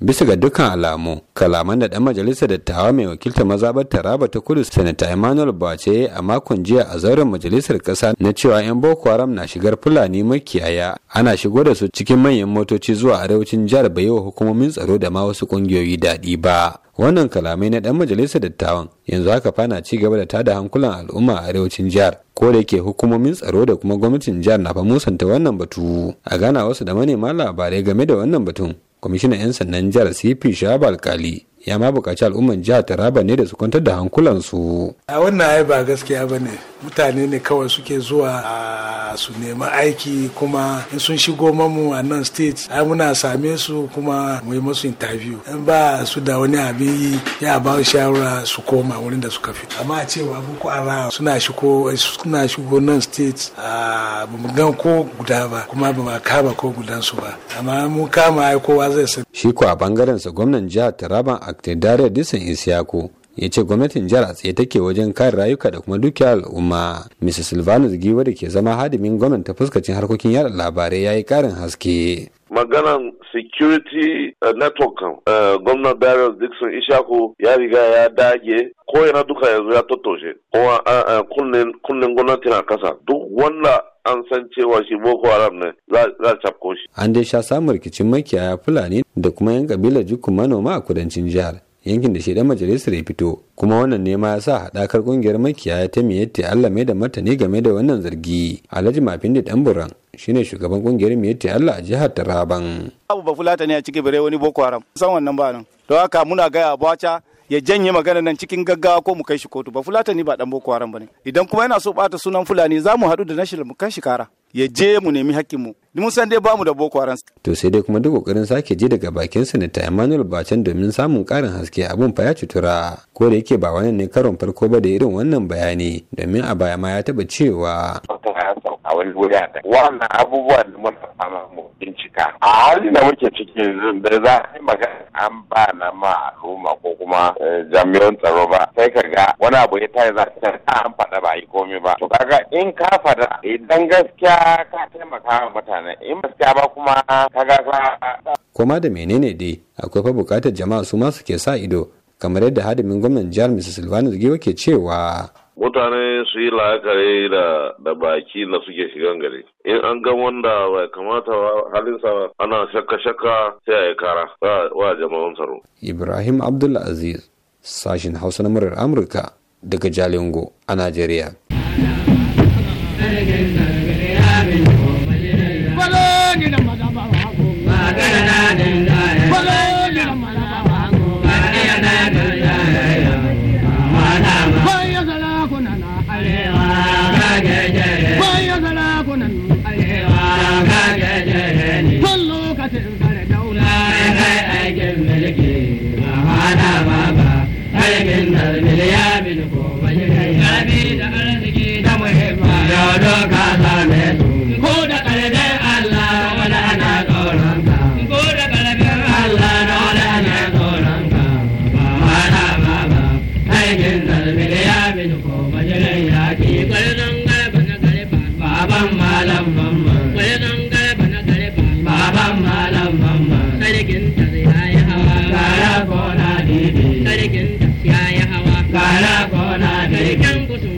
bisa ga dukkan alamu kalaman da dan majalisar dattawa mai wakiltar mazabar taraba ta kudu sanata emmanuel bace a makon jiya a zauren majalisar kasa na cewa yan boko haram na shigar fulani makiyaya ana shigo da su cikin manyan motoci zuwa arewacin jihar bai wa hukumomin tsaro da ma wasu kungiyoyi daɗi ba wannan kalamai na dan majalisar dattawan yanzu haka fana ci gaba da tada hankulan al'umma a arewacin jihar ko da yake hukumomin tsaro da kuma gwamnatin jihar na fa musanta wannan batu a gana wasu da manema labarai game da wannan batun kwamishinan 'yan sannan jihar cp shahab alkali ya ma buƙaci al'umman jihar taraba ne da su kwantar da hankulansu a wannan ai ba gaskiya ba ne mutane ne kawai suke zuwa a su nemi aiki kuma in sun shigo mamu a nan state ai muna same su kuma mu yi musu interview in ba su da wani abin yi ya ba shawara su koma wurin da suka fito amma cewa boko haram suna shigo suna shigo nan state a bamu gan ko guda ba kuma ba kama ko gudan su ba amma mu kama ai kowa zai san shi ko a bangaren sa gwamnan jihar Taraba dare Disan Isiyako ya ce gwamnatin jihar a tsaye take wajen kare rayuka da kuma dukiyar al'umma mrs silvanus giwa da ke zama hadimin gwamnati ta fuskacin harkokin yada labarai ya yi karin haske maganan security uh, network kan uh, gwamnan Darius Dixon Ishaku ya riga ya dage ko yana duka yanzu ya tattoshe kuma uh, kunne kunnen gwamnati na kasa duk wanda an san cewa shi boko haram ne za a shi an dai sha samun rikicin makiyaya fulani da kuma yan kabilar jukun manoma a kudancin jihar yankin da shi dan majalisar ya fito kuma wannan ne ma ya sa haɗakar ƙungiyar makiyaya ta miyatti Allah mai da martani game da wannan zargi Alhaji Mafindi Ɗanburan shine shugaban ƙungiyar miyatti Allah a jihar Taraban Abu ba ne a cikin bare wani Boko Haram san wannan ba nan to haka muna gaya Abacha ya janye magana nan cikin gaggawa ko mu kai shi kotu ba ne ba ɗan Boko Haram ba ne idan kuma yana so bata sunan Fulani za mu haɗu da national mu kai shi kara ya je mu nemi hakkinmu mun san dai bamu da boko haram to sai dai kuma duk kokarin sake je daga bakin sanata Emmanuel Bacan domin samun karin haske abun fa ya cutura ko da yake ba wannan ne karon farko ba da irin wannan bayani domin a baya ma ya taba cewa a wani wuya da wannan abubuwan da fama mu bincika a halin da muke ciki yanzu da za a yi magana an ba na ma al'umma ko kuma eh, jami'an tsaro ba sai ka ga wani abu ya tayi za ta an faɗa ba yi komai ba to kaga in ka faɗa idan gaskiya ka taimaka wa mutane in gaskiya ba kuma kaga ka koma da menene dai akwai fa bukatar jama'a su ma suke sa ido kamar yadda hadimin gwamnan jihar Mrs. Silvanus Giwa ke cewa mutane su yi la'akari da da baki da suke shigan gari in an ga wanda bai kamata halinsa ana shakka shakka sai a yi kara wa jama'an tsaro ibrahim abdulaziz sashin hausa na murar amurka daga jalingo a najeriya Yeah.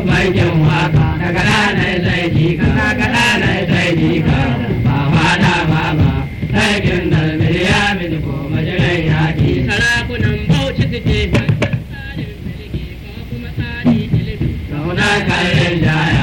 bakin waka daga ranar sai jika daga ranar sai jika ba wada ba ba sarkin dalbe ya mini ko majirai yaki sarakunan bauchi suke ba kuma tsari ilimi kauna kayan jaya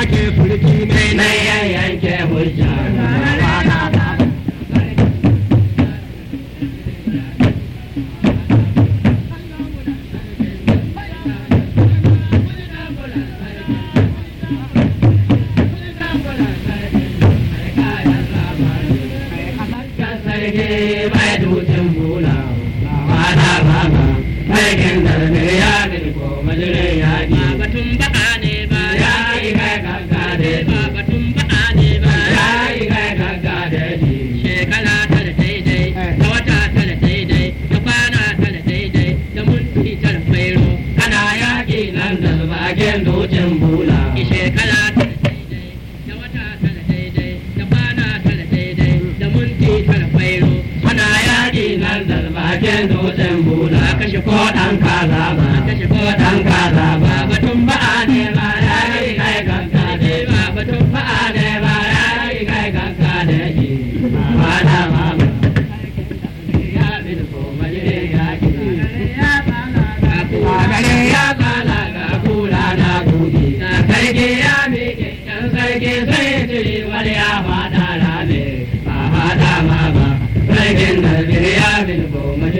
ake furki ne na yanke hujja mai dutsen bula ba na ba ba mai ko ɗan kaza ba ko ɗan kaza ba batun ba a ne ba ya yi kai ganka ne ba batun ba a ne ba ya yi kai ganka ne ke ba da ma ba ya bi da koma je ya kula. ke gare ya bala ga kula na kuɗi na sarki ya miƙe ɗan sarki sai ya tiri wani ya faɗa rame ba faɗa ma ba sarkin da ya bi da koma je